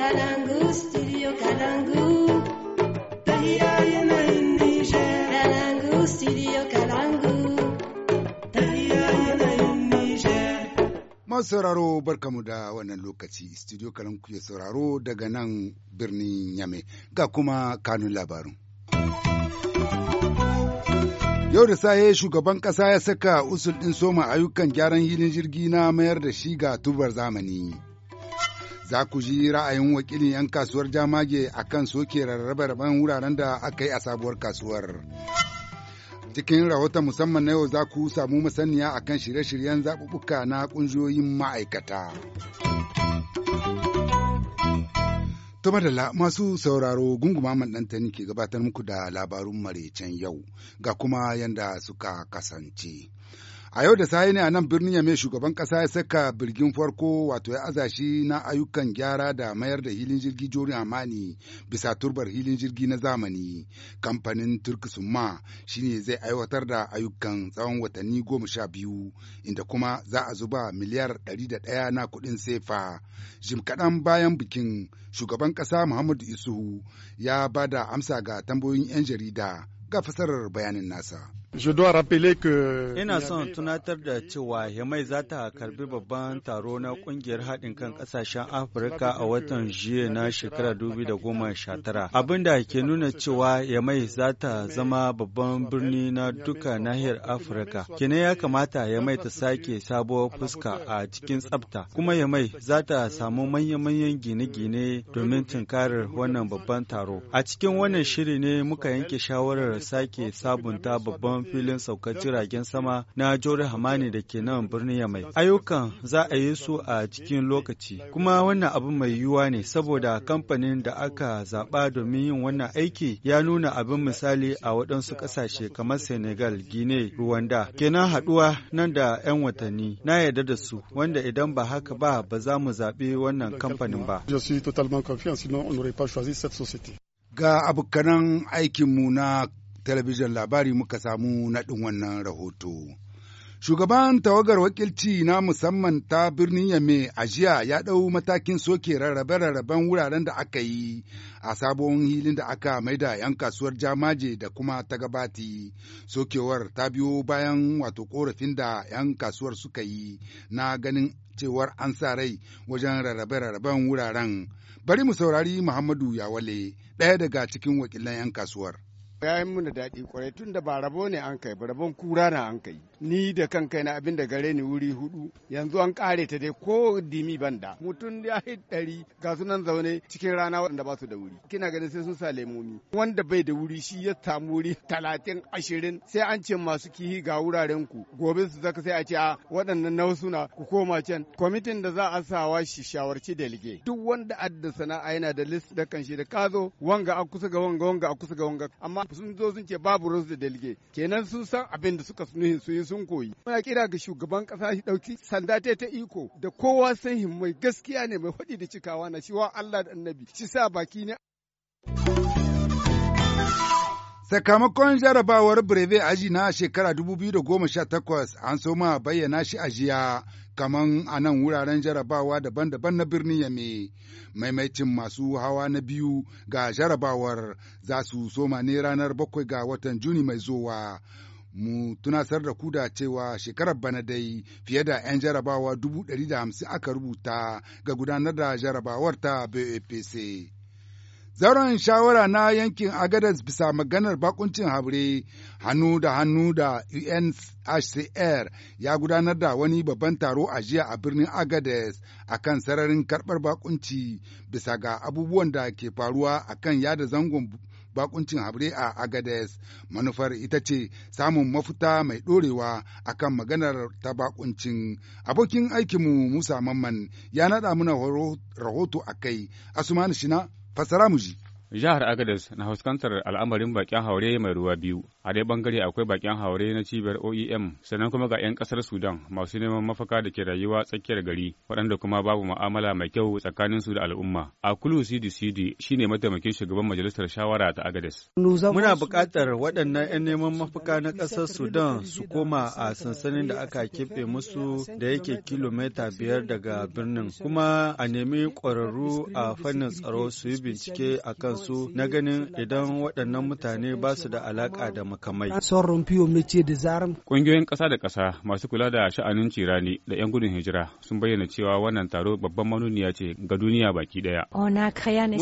Kalangu, studio Kalangu. Masu sauraro barkamu da wannan lokaci, studio Kalangu ya sauraro daga nan birnin Yame. Ga kuma kanun labarin. Yau da saye shugaban kasa ya saka usul ɗin soma ayyukan gyaran hilin jirgi na mayar da shi ga tubar zamani. Za ku ji ra'ayin wakilin 'yan kasuwar jamage a kan soke rarrabe-raben wuraren da aka yi a sabuwar kasuwar. Cikin rahoton musamman na yau za ku samu masaniya a kan shirye-shiryen zaɓuɓɓuka na ƙungiyoyin ma'aikata. Tumadala masu sauraro gunguma ɗantani ke gabatar muku da labarun maraicen yau ga kuma yadda suka kasance. A yau da sahi ne a nan birnin mai shugaban ƙasa ya saka birgin farko wato ya azashi na ayyukan gyara da mayar da hilin jirgi Jorin Amani bisa turbar hilin jirgi na zamani. Kamfanin Turk Summa shine zai aiwatar da ayyukan tsawon watanni goma sha biyu inda kuma za a zuba miliyar ɗari da ɗaya na kuɗin sefa. Jim kaɗan bayan bikin shugaban ƙasa Muhammadu Isuhu ya ba da amsa ga tambayoyin 'yan jarida ga fasarar bayanin nasa. Ina son tunatar da cewa Yamai za ta karbi babban taro na kungiyar haɗin kan ƙasashen Afirka a watan jiya na shekarar 2019. Abin da ke nuna cewa Yamai za ta zama babban birni na duka nahiyar Afirka. Kene ya kamata Yamai ta sake sabuwar fuska a cikin tsafta. Kuma Yamai za ta samu manya-manyan gine-gine domin tunkarar wannan babban taro. A cikin wannan shiri ne muka yanke shawarar sake sabunta babban sabon eh, filin saukar jiragen sama na Jori Hamani da ke nan birnin Yamai. Ayyukan za a yi su a cikin lokaci, kuma wannan abu mai yiwuwa ne saboda kamfanin da aka zaɓa domin yin wannan aiki ya nuna abin misali a waɗansu ƙasashe kamar Senegal, Guinea, ruwanda Kenan haɗuwa nan da 'yan watanni na yarda da su wanda idan ba haka ba ba za mu zaɓi wannan kamfanin ba. Ga abokanan aikinmu na talabijin labari muka samu naɗin wannan rahoto. Shugaban tawagar wakilci na musamman ta birnin Yame a jiya ya ɗau matakin soke rarrabe-rarraben wuraren da aka yi a sabon hilin da aka maida 'yan kasuwar jamaje da kuma ta gabati. Sokewar ta biyo bayan wato korafin da 'yan kasuwar suka yi na ganin cewar an sa rai wajen rarrabe-rarraben wuraren. Bari mu saurari Muhammadu Yawale ɗaya daga cikin wakilan 'yan kasuwar. ya yi muna daɗi kwarai tun da ba rabo ne an kai ba rabon kura na an kai ni da kan kai na abin da gare ni wuri hudu yanzu an kare ta dai ko dimi banda mutum ya yi ɗari ga sunan zaune cikin rana wanda ba su da wuri kina ganin sai sun sa lemomi wanda bai da wuri shi ya samu wuri talatin ashirin sai an ce masu kihi ga wuraren ku gobe su zaka sai a ce a waɗannan na wasu na ku koma can kwamitin da za a sawa shi shawarci delige duk wanda adda sana'a yana da list da kan shi da kazo wanga a kusa ga wanga wanga a kusa ga wanga amma sun zo sun ce babu rus da delge. kenan sun san abin da suka nuhin su yi sun koyi muna kira ga shugaban kasa shi dauki sanda ta ta iko da kowa san himmai gaskiya ne mai hudi da cikawa na shi wa Allah da annabi shi sa baki ne Sakamakon jarabawar Breve aji na shekara 2018 an soma bayyana shi a jiya kamar a nan wuraren jarabawa daban-daban na birnin Yame. Maimaitin masu hawa na biyu ga jarabawar za su soma ne ranar bakwai ga watan Juni mai zowa. Mu tunasar da ku da cewa shekarar bana dai fiye da 'yan jarabawa 150 aka rubuta ga gudanar da jarabawar ta BAPC. Zauren shawara na yankin Agadas bisa maganar bakuncin habre hannu da hannu da UNHCR ya gudanar da wani babban taro a jiya a birnin Agadez a kan sararin karbar bakunci bisa ga abubuwan da ke faruwa a kan yada zangon bakuncin habre a Agadez. Manufar ita ce samun mafuta mai ɗorewa a kan maganar ta bakuncin. Abokin aikinmu Musa Mamman ya nada mana rahoto a kai, Asumani Shina. fassara mu ji Jihar Agadez na fuskantar al'amarin bakin haure mai ruwa biyu, a dai bangare akwai bakin haure na cibiyar OEM sannan kuma ga 'yan kasar Sudan masu neman mafaka da ke rayuwa tsakiyar gari waɗanda kuma babu ma'amala mai kyau tsakanin su da al'umma. a kulu cd cd shine mataimakin shugaban majalisar shawara ta Agadez. Muna buƙatar waɗannan 'yan neman mafaka na ƙasar Sudan su koma a sansanin da aka keɓe musu da yake kilomita biyar daga birnin kuma a nemi ƙwararru a fannin tsaro su yi bincike a kan su na ganin idan waɗannan mutane ba su da alaƙa da makamai. Ƙungiyoyin ƙasa da ƙasa masu kula da sha'anin cirani da 'yan gudun hijira sun bayyana cewa wannan taro babban manuniya ce ga duniya baki ɗaya. Mun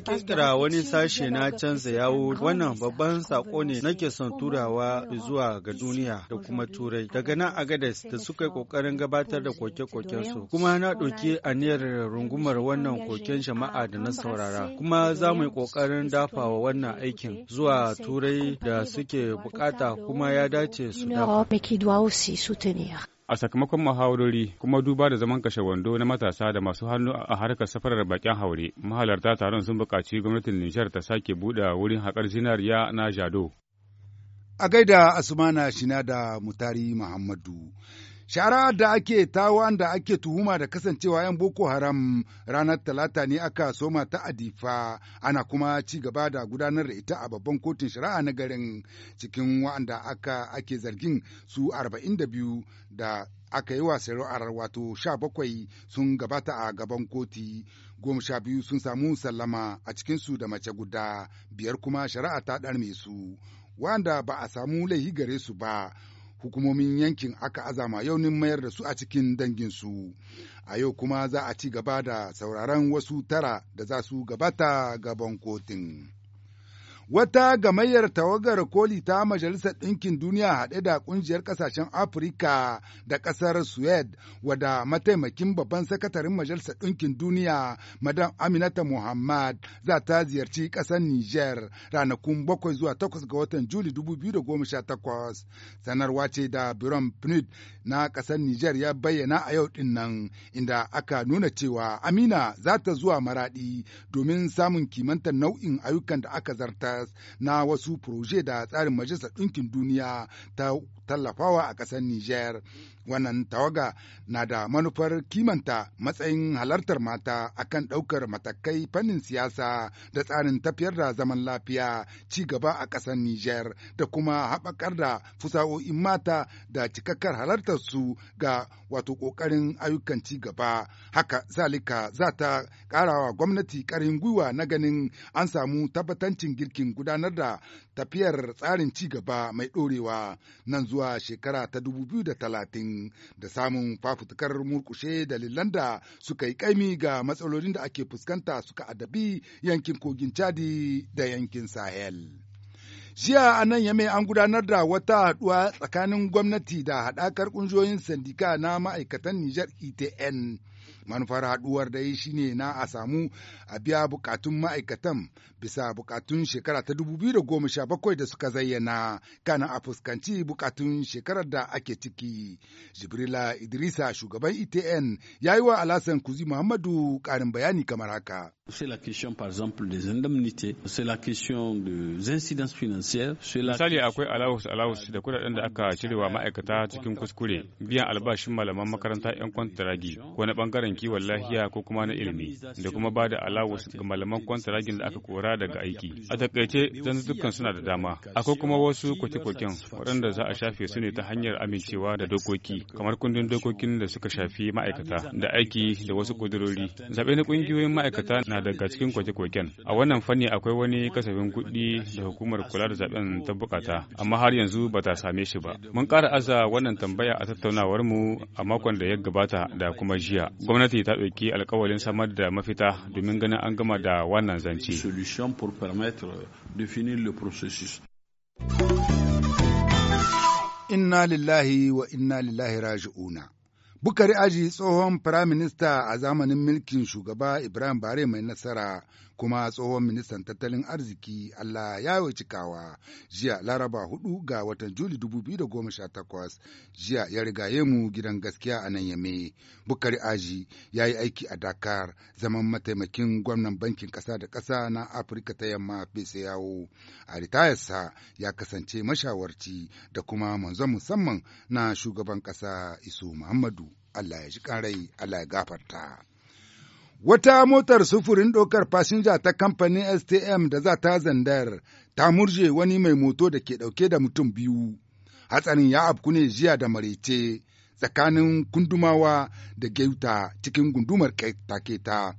kirkira wani sashe na canza yawo wannan babban sako ne nake son turawa zuwa ga duniya da kuma turai daga nan agades da suka yi ƙoƙarin gabatar da koke koken su, kuma na ɗauki aniyar rungumar wannan koken jama'a da na saurara kuma za mu yi ƙoƙarin ƙoƙarin dafawa wannan aikin zuwa turai da suke bukata kuma ya dace su dafa. a sakamakon muhawarori kuma duba da zaman kashe wando na matasa da masu hannu a harkar safarar bakin haure mahalarta taron sun buƙaci gwamnatin nijar ta sake buɗe wurin haƙar zinariya na jado a gaida asumana shina da mutari muhammadu Shara da ake tawa da ake tuhuma da kasancewa 'yan Boko Haram ranar Talata ne aka soma ta Adifa, ana kuma ci gaba da gudanar da ita a babban kotun shari'a na garin cikin wa'anda aka ake zargin su 42 da aka yi wa shari'ar wato 17 sun gabata a gaban koti, goma sha biyu sun samu sallama a cikinsu da mace guda, biyar kuma shari'a ta ɗarme su, wanda ba a samu laihi gare su ba. hukumomin yankin aka azama yaunin mayar da su a cikin danginsu. A yau kuma za a ci gaba da sauraron wasu tara da za su gabata gaban kotun. Wata gamayyar tawagar koli ta Majalisar Ɗinkin Duniya haɗe da ƙungiyar ƙasashen Afirka da ƙasar Suwed, wada mataimakin babban sakatarin Majalisar Ɗinkin Duniya, Madam Aminata Muhammad, za ta ziyarci ƙasar Nijar ranakun bakwai zuwa takwas ga watan Juli 2018. Sanarwa ce da Biron PNUD na ƙasar Nijar ya bayyana a yau ɗin nan, inda aka nuna cewa Amina za ta zuwa Maraɗi domin samun kimanta nau'in ayyukan da aka zartar. Agadas na wasu furoje da tsarin Majalisar Ɗinkin Duniya ta tallafawa a ƙasar Nijar. Wannan tawaga na da manufar kimanta matsayin halartar mata a kan ɗaukar matakai fannin siyasa da tsarin tafiyar da zaman lafiya ci gaba a ƙasar Nijar da kuma haɓakar da fusa'o'in mata da cikakkar halartar su ga wato ƙoƙarin ayyukan ci gaba. Haka zalika za ta ƙarawa gwamnati ƙarin gwiwa na ganin an samu tabbatancin girkin gudanar da tafiyar tsarin ci gaba mai ɗorewa nan zuwa shekara ta 2030 da samun fafutukar murkushe dalilan da suka yi kaimi ga matsalolin da ake fuskanta suka adabi yankin kogin Chadi da yankin Sahel. jiya a nan yame an gudanar da wata haɗuwa tsakanin gwamnati da haɗakar ƙungiyoyin sandika na ma'aikatan Nijar ETN manufar haɗuwar dai shine na a samu a biya bukatun ma'aikatan bisa bukatun shekara ta 2017 da suka zayyana kana a fuskanci bukatun shekarar da ake ciki jibrila idrisa shugaban itn e ya yi wa alasan kuzi muhammadu ƙarin bayani kamar haka C'est la question, par exemple, des indemnités, c'est la question des incidences financières. Misali akwai alawus alawus da kudaden da aka cirewa ma'aikata cikin kuskure, biyan albashin malaman makaranta 'yan kwantaragi ko na bangaren kiwon lafiya ko kuma na ilimi, da kuma ba da alawus ga malaman kwantaragin da aka kora daga aiki. A takaice, dukkan suna da dama. Akwai kuma wasu kwace-kwacen waɗanda za a shafe su ne ta hanyar amincewa da dokoki, kamar kundin dokokin da suka shafi ma'aikata da aiki da wasu ƙudurori. Zaɓe na ƙungiyoyin ma'aikata na daga cikin koke-koken. A wannan fanni akwai wani kasafin kuɗi da hukumar kula da zaben ta bukata, amma har yanzu ba ta same shi ba. Mun ƙara aza wannan tambaya a tattaunawar mu a makon da ya gabata da kuma jiya. Gwamnati ta ɗauki alkawalin samar da mafita domin ganin an gama da wannan zance. Inna lillahi wa inna lillahi raji'una. Bukari Aji tsohon firaminista a zamanin mulkin shugaba Ibrahim Bare mai nasara kuma tsohon ministan tattalin arziki Allah ya yi cikawa jiya laraba hudu ga watan Juli 2018 jiya ya rigaye mu gidan gaskiya a nan yame. Bukari Aji ya yi aiki a Dakar zaman mataimakin gwamnan bankin ƙasa da ƙasa na Afirka ta yamma bai yawo. A ritayarsa ya kasance mashawarci da kuma manzon musamman na shugaban ƙasa Isu Muhammadu. Allah ya ji karai Allah ya gafarta. Wata motar sufurin ɗaukar fasinja ta kamfanin STM da za ta zandar ta murje wani mai moto da ke ɗauke da mutum biyu. Hatsarin ya afku ne jiya da marece tsakanin kundumawa da geuta cikin gundumar taketa.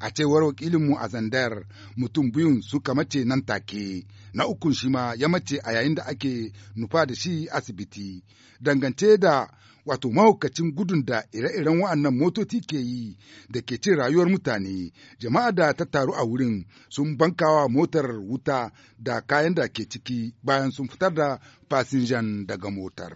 A cewar wakilinmu a zandar mutum biyun suka mace nan take, na ukun shima ya mace a yayin da ake nufa da shi asibiti. Dangance da wato mahaukacin gudun da ire-iren wa'annan motoci ke yi da ke cin rayuwar mutane jama'a da ta taru a wurin sun bankawa motar wuta da kayan da ke ciki bayan sun fitar da fasinjan daga motar.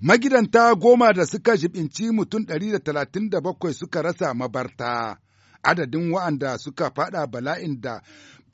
magidanta goma da suka jibinci mutum ɗari da talatin da bakwai suka rasa mabarta adadin wa'anda suka fada bala'in da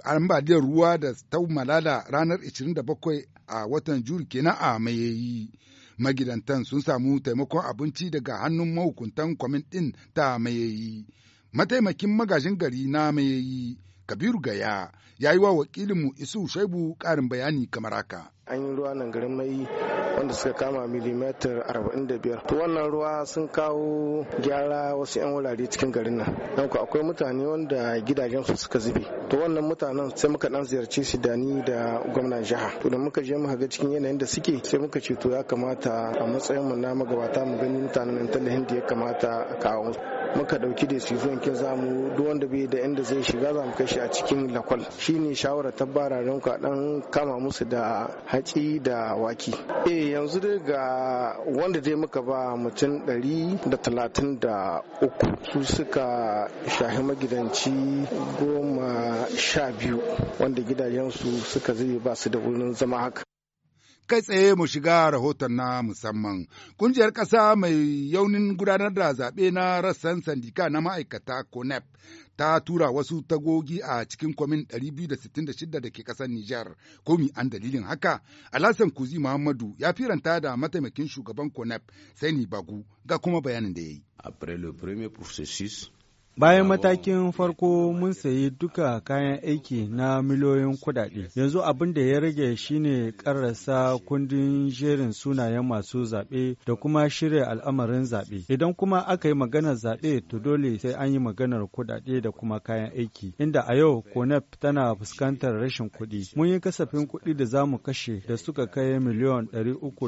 ambaliyar ruwa da ta malala ranar 27 a watan juli kenan a mayayi Magidantan sun samu taimakon abinci daga hannun mahukuntan kwamitin ta mayayi. Mataimakin magajin gari na mayayi Kabiru Gaya ya yi wa wakilinmu Isu Shaibu karin bayani kamar haka. An yi ruwa nan garin mai wanda suka kama milimetar 45 to wannan ruwa sun kawo gyara wasu 'yan wurare cikin garin nan don ku akwai mutane wanda gidajensu suka zube to wannan mutanen sai muka dan ziyarci su da ni da gwamnan jiha to da muka je muka ga cikin yanayin da suke sai muka ce to ya kamata a matsayin mu na magabata mu gani mutanen nan tallahin da ya kamata a kawo musu muka dauki da su zuwa kin zamu duk wanda bai da inda zai shiga zamu kai shi a cikin lakwal shine shawara ta bararen ku dan kama musu da haci da waki eh yanzu dai ga wanda dai muka ba mutum ɗari da talatin da uku su suka shahi magidanci goma sha biyu wanda gidajensu suka zai ba su da wurin zama haka kai tsaye mu shiga rahoton na musamman. Kungiyar ƙasa mai yaunin gudanar da zaɓe na rassan sandika na ma'aikata CONEP ta tura wasu tagogi a cikin kwamin 266 da ke ƙasar Nijar. Komi an dalilin haka, Alhassan Kuzi Muhammadu ya firanta da mataimakin shugaban CONEP Saini Bagu ga kuma bayanin da ya yi. Après le premier Bayan matakin farko mun sayi duka kayan aiki na miliyoyin kudade. Yanzu abin da ya rage shine karasa kundin jerin sunayen masu zaɓe da kuma shirya al'amarin zaɓe. Idan kuma aka yi maganar zaɓe to dole sai an yi maganar kudade da kuma kayan aiki. Inda a yau CONEP tana fuskantar rashin kuɗi. Mun yi kasafin kuɗi da za mu kashe da suka kai miliyon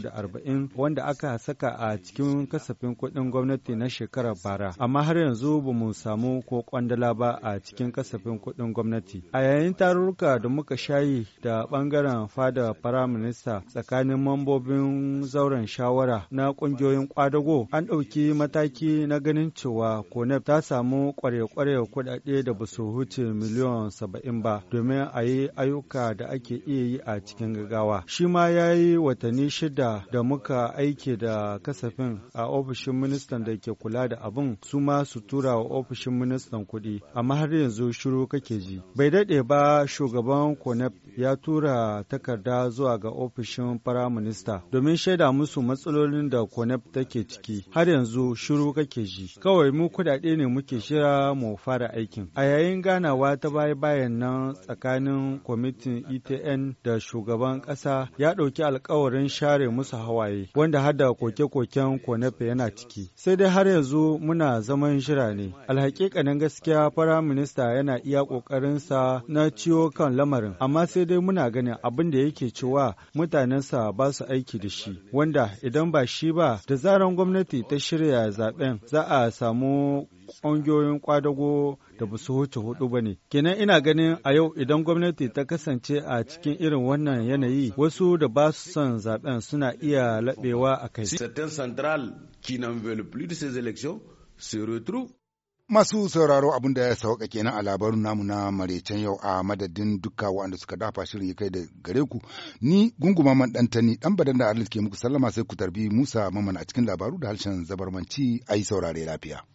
da arba'in wanda aka saka a cikin kasafin kuɗin gwamnati na shekarar bara. Amma har yanzu ba mu samu samu ko kwandala ba a cikin kasafin kuɗin gwamnati. A yayin tarurruka da muka shayi da ɓangaren fada firaminista tsakanin mambobin zauren shawara na ƙungiyoyin ƙwadago, an ɗauki mataki na ganin cewa konef ta samu kware-kware kuɗaɗe da ba su huce miliyan saba'in ba domin a yi ayyuka da ake iya yi a cikin gaggawa. Shi ma ya yi watanni shida da muka aiki da kasafin a ofishin ministan da ke kula da abin su ma su tura wa ofishin ofishin ministan kuɗi, amma har yanzu shiru kake ji. Bai daɗe ba shugaban Konep ya tura takarda zuwa ga ofishin firaminista domin shaida musu matsalolin da Konep take ciki. Har yanzu shiru kake ji. Kawai mu kuɗaɗe ne muke shira mu fara aikin. A yayin ganawa ta baya-bayan nan tsakanin kwamitin ETN da shugaban ƙasa ya ɗauki alkawarin share musu hawaye wanda hada koke-koken Konep yana ciki. Sai dai har yanzu muna zaman shira ne. Alhaki hakikanin gaskiya fara minista yana iya ƙoƙarinsa na ciwo kan lamarin, amma sai dai muna ganin abin da yake cewa mutanensa ba su aiki da shi, wanda idan ba shi ba da zaran gwamnati ta shirya zaben za a samu ƙungiyoyin kwadago da ba su huce hudu ba ne. Kenan ina ganin a yau idan gwamnati ta kasance a cikin irin wannan yanayi wasu da ba su son zaben suna iya laɓewa a kai. se Masu sauraro abin da ya sauka kenan a labarin namu na maraicen yau a madadin duka waɗanda suka dafa shirin ya kai da gare ku. Ni gunguma man ɗantani ɗan badan da ke muku sallama sai ku tarbi Musa Maman a cikin labaru da harshen zabarmanci a yi saurare lafiya.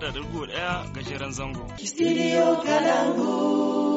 da ɗaya shirin zango. Studio Kalangu.